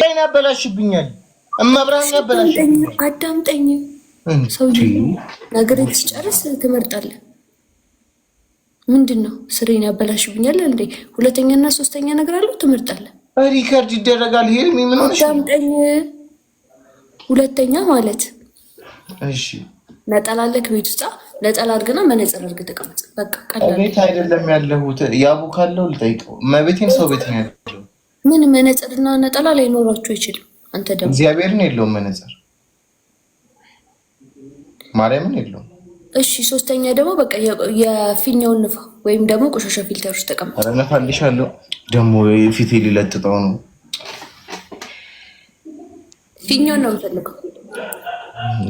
ላይን ያበላሽብኛል። እመብራን ያበላሽብኛል። አዳምጠኝ። ሰው ነገር ሲጨርስ ትመርጣለህ። ምንድን ነው ስሬን ያበላሽብኛል እንዴ? ሁለተኛና ሶስተኛ ነገር አለው ትመርጣለህ። ሪከርድ ይደረጋል። ይሄ ምን ሆነሽ? አዳምጠኝ። ሁለተኛ ማለት እሺ፣ ነጠላለክ ቤት ውስጥ ነጠላ አድርግና መነጽር አድርግ ተቀመጥ። በቃ ቀላል ቤት አይደለም ያለሁት። ያቡ ካለው ልጠይቀው። መቤቴን ሰው ቤት ነው ያለው ምን መነጽርና ነጠላ ላይኖራቸው አይችልም። አንተ ደግሞ እግዚአብሔርን የለውም መነጽር ማርያምን የለውም። እሺ ሶስተኛ ደግሞ በቃ የፊኛውን ንፋ ወይም ደግሞ ቆሻሻ ፊልተር ውስጥ ተቀምጠ ነፋልሻለሁ። ደግሞ ፊቴ ሊለጥጠው ነው። ፊኛውን ነው የምፈልገው።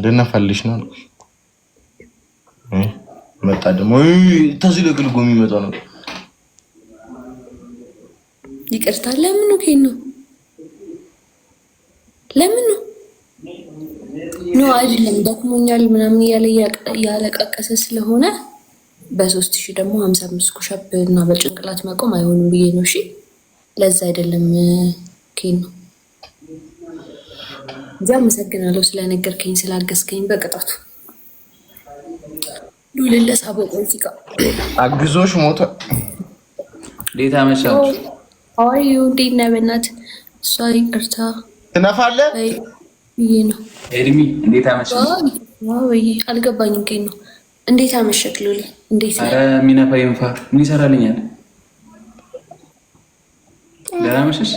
ልነፋልሽ ነው መጣ ደግሞ ተዚህ ለግልጎ የሚመጣው ነው ይቅርታ። ለምኑ ኬን ነው? ለምኑ ኖ አይደለም፣ ደክሞኛል ምናምን እያለ ያለቃቀሰ ስለሆነ በሶስት ሺህ ደግሞ ሀምሳ አምስት ኩሻፕ እና በጭንቅላት መቆም አይሆንም ብዬ ነው። እሺ ለዛ አይደለም ኬን ነው። እዚያ አመሰግናለሁ ስለነገርከኝ ስላገዝከኝ። በቅጣቱ ሉልለሳ ቦቆ ሲቃ አግዞሽ ሞተ ዴታ መሻችሁ አዋዩ እንዴት ነህ? በእናት እሷ ይቅርታ ትነፋለህ። ነው ኤድሚ። እንዴት አመሸህ? አልገባኝም። እንዴት ነው? እንዴት አመሸህ ሉሊ? እንዴት ነው? የሚነፋ ይንፋ። ምን ይሰራልኛል? ደህና አመሸሽ።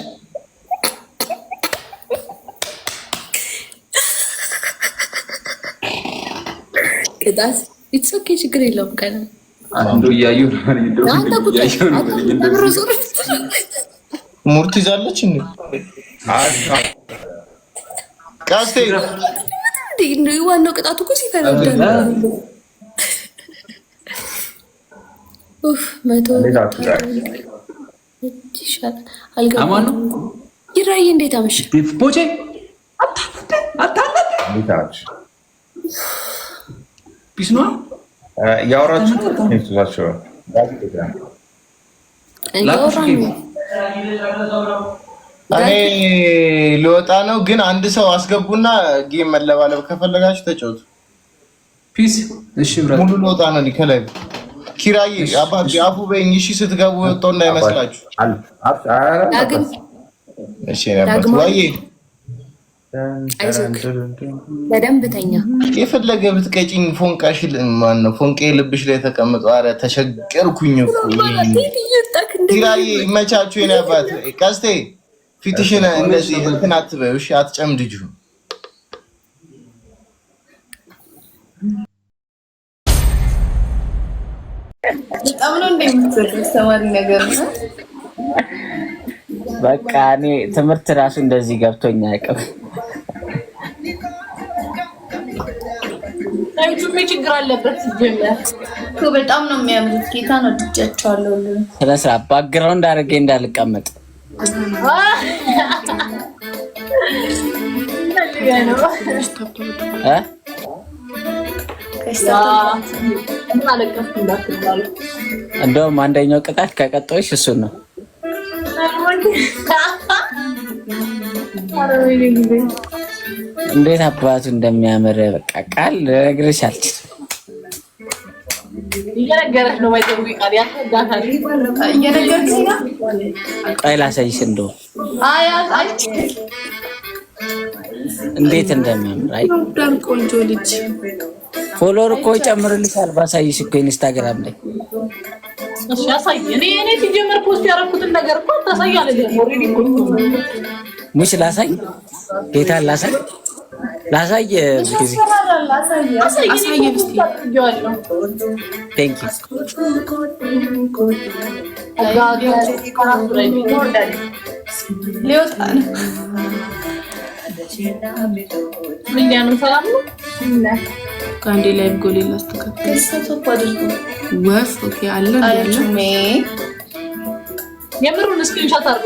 ቅጣት ኢትሶኬ፣ ችግር የለውም። ቀን አንዱ እያየሁ ነው። አንተ ቁጭ ብር ዞር ሙርት ይዛለች እንዴ? ቀስቴ ዋናው ቅጣቱ እኮ ሲፈረዳ ይራይ እንዴት አመሸ? ቦቼ ፒስ ነው ያወራችሁ እኔ ልወጣ ነው፣ ግን አንድ ሰው አስገቡና ጌም መለባለብ ከፈለጋችሁ ተጫወቱ። ፒስ። እሺ፣ ብራት ሙሉ ልወጣ ነው ከላይ ኪራይ አባ አፉ በኝ። እሺ፣ ስትገቡ ወጣው እንዳይመስላችሁ። እሺ፣ ነበር ወይ በደንብ ተኛ። የፈለገ ብትቀጭኝ ፎንቃሽ ማነው ፎንቄ ልብሽ ላይ ተቀምጦ። አረ ተሸገርኩኝ እኮ ኪራይ ይመቻቹ። የኔ አባት ቀስቴ ፊትሽን እንደዚህ እንትን አትበይው፣ እሺ? አትጨምድጂው። በጣም ነው እንደምትሰማሪ ነገር ነው። በቃ እኔ ትምህርት ራሱ እንደዚህ ገብቶኝ አያውቅም። ዩቱብ ችግር አለበት። በጣም ነው የሚያምሩት። ጌታ ነው ድጃቸዋለሁ። ስለ ስራ ባክግራውንድ አድርጌ እንዳልቀመጥ እንደውም አንደኛው ቅጣት ከቀጣዮች እሱን ነው። እንዴት አባቱ እንደሚያምር በቃ ቃል ልነግርሽ አልችልም። እየነገረሽ እንዴት እንደሚያምር ቆንጆ ልጅ ፎሎወር እኮ ይጨምርልሻል። ባሳይሽ እኮ ኢንስታግራም ላይ እኔ ፖስት ያደረኩትን ነገር ሙሽ ላሳይ፣ ጌታን ላሳይ ላሳየ ጊዜ ከአንዴ ላይ ጎሌ ላስተካክል። ወፍ አለ የምሩን ስክሪንሻት አርጎ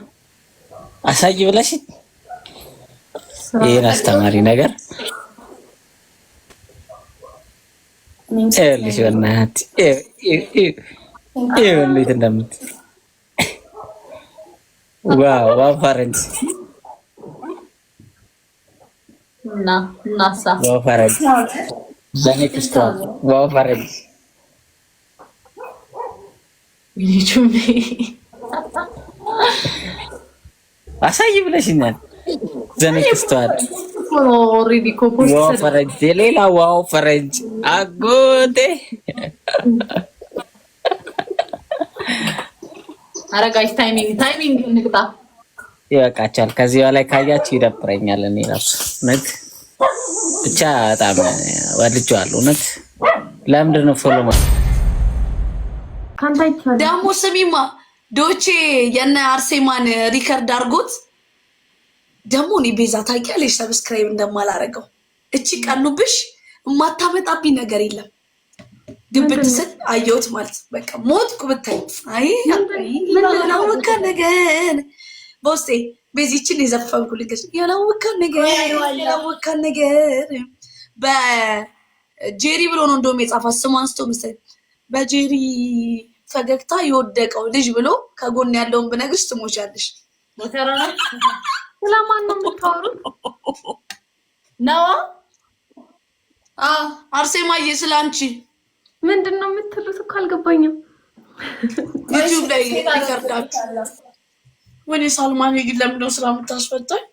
አሳይ ብለሽ ይህን አስተማሪ ነገር ይኸውልሽ፣ በእናትሽ ይኸው እንዴት እንደምት ዋው ዋው ፈረንጅ እና እናሳ ዋው ፈረንጅ ለኔ ክስቷ ዋው ፈረንጅ አሳይ ብለሽኛል። ዋው ፈረጅ የሌላ ዋው ፈረጅ አጎቴ አረጋሽ ታይሚንግ ታይሚንግ እንቅጣ ይበቃቻል። ከዚህ በላይ ካያችሁ ይደብረኛል። እኔ ራሱ እውነት ብቻ በጣም ወድጀዋለሁ። እውነት ለምንድን ነው ፎሎ ደግሞ ስሚማ ዶቼ የነ አርሴማን ሪከርድ አርጎት ደግሞ እኔ ቤዛ ታውቂያለሽ፣ ሰብስክራይብ እንደማላረገው እቺ ቀኑብሽ የማታመጣብኝ ነገር የለም። ግብት ስል አየሁት ማለት በቃ ሞትኩ ብታይ። አይ ያላወካ ነገር በውስጤ ቤዚችን የዘፈንኩ ልገች ያላወካ ነገር ያላወካ ነገር በጄሪ ብሎ ነው እንደውም የጻፋት ስሟ አንስቶ ምስል በጄሪ ፈገግታ የወደቀው ልጅ ብሎ ከጎን ያለውን ብነግርሽ ትሞቻለሽ። ስለማን ነው የምታወሩት? ነዋ አርሴማዬ፣ ስለ አንቺ ምንድን ነው የምትሉት? እኮ አልገባኝም። ዩቲዩብ ላይ ይከርዳችሁ። ወይኔ ሳልማን ግን ለምንድነው ስራ የምታስፈታኝ?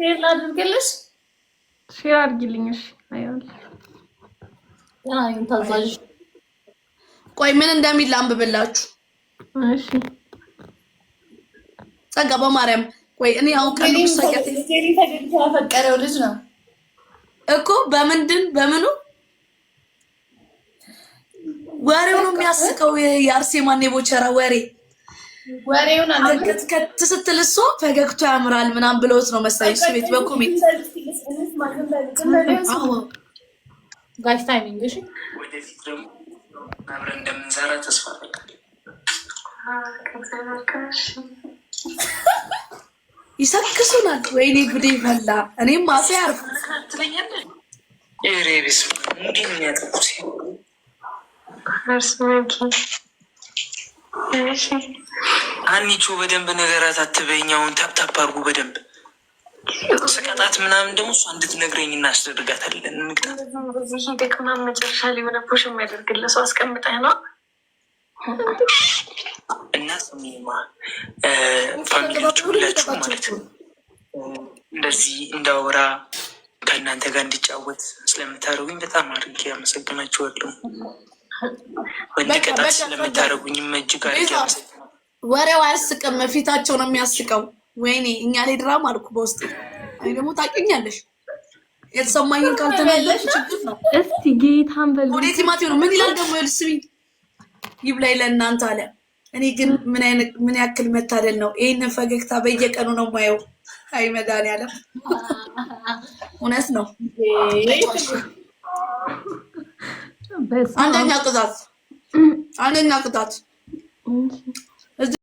ሼር ላድርግልሽ፣ ሼር አድርጊልኝ። እሺ፣ አይ ታዛዥ ቆይ ምን እንደሚል አንብብላችሁ። እሺ ጸጋ በማርያም ቆይ እኔ አሁን ያፈቀረው ልጅ ነው እኮ በምንድን በምኑ ወሬው ነው የሚያስቀው። የአርሴማን የቦቸራ ወሬ ወሬውን ከት ስትል እሷ ፈገግቷ ያምራል ምናም ብለውት ነው መሰለኝ እሱ ቤት በኮሚት ጋሽ ታይሚንግ እሺ አብረን እንደምንሰራ ተስፋ አደርጋለሁ። ይሰክሱናል። ወይኔ ጉዴ ፈላ። እኔም አፌ አርፍ ሬቤስ ሙዲ በደንብ ነገራት አትበኛውን ታፕታፕ አርጉ በደንብ ስቀጣት ምናምን ደግሞ እሷ እንድትነግረኝ እናስደርጋታለን። እንግጣት በዚህ ሂደት ምናምን መጨረሻ ሊሆነ የሆነ ፖሽ የሚያደርግልህ ሰው አስቀምጠህ ነው እና ስሚማ ፋሚሊዎች ሁላችሁ ማለት ነው እንደዚህ እንዳወራ ከእናንተ ጋር እንዲጫወት ስለምታደርጉኝ በጣም አድርጌ አመሰግናችኋለሁ። ወንድቀጣት ስለምታደርጉኝም እጅግ አድርጌ አመሰግናለሁ። ወሬው አያስቅም፣ ፊታቸው ነው የሚያስቀው። ወይኔ እኛ ላይ ድራማ አልኩ በውስጥ እኔ ደግሞ ታውቂኛለሽ፣ የተሰማኝን ካልተናገርሽ ችግር ነው። እስቲ ጌታን በል ወደ ቲማቴ ነው። ምን ይላል ደግሞ ልስብኝ ይብላኝ ለእናንተ አለ። እኔ ግን ምን ያክል መታደል ነው! ይህንን ፈገግታ በየቀኑ ነው ማየው። አይ መድኃኒዓለም እውነት ነው። አንደኛ ቅጣት አንደኛ ቅጣት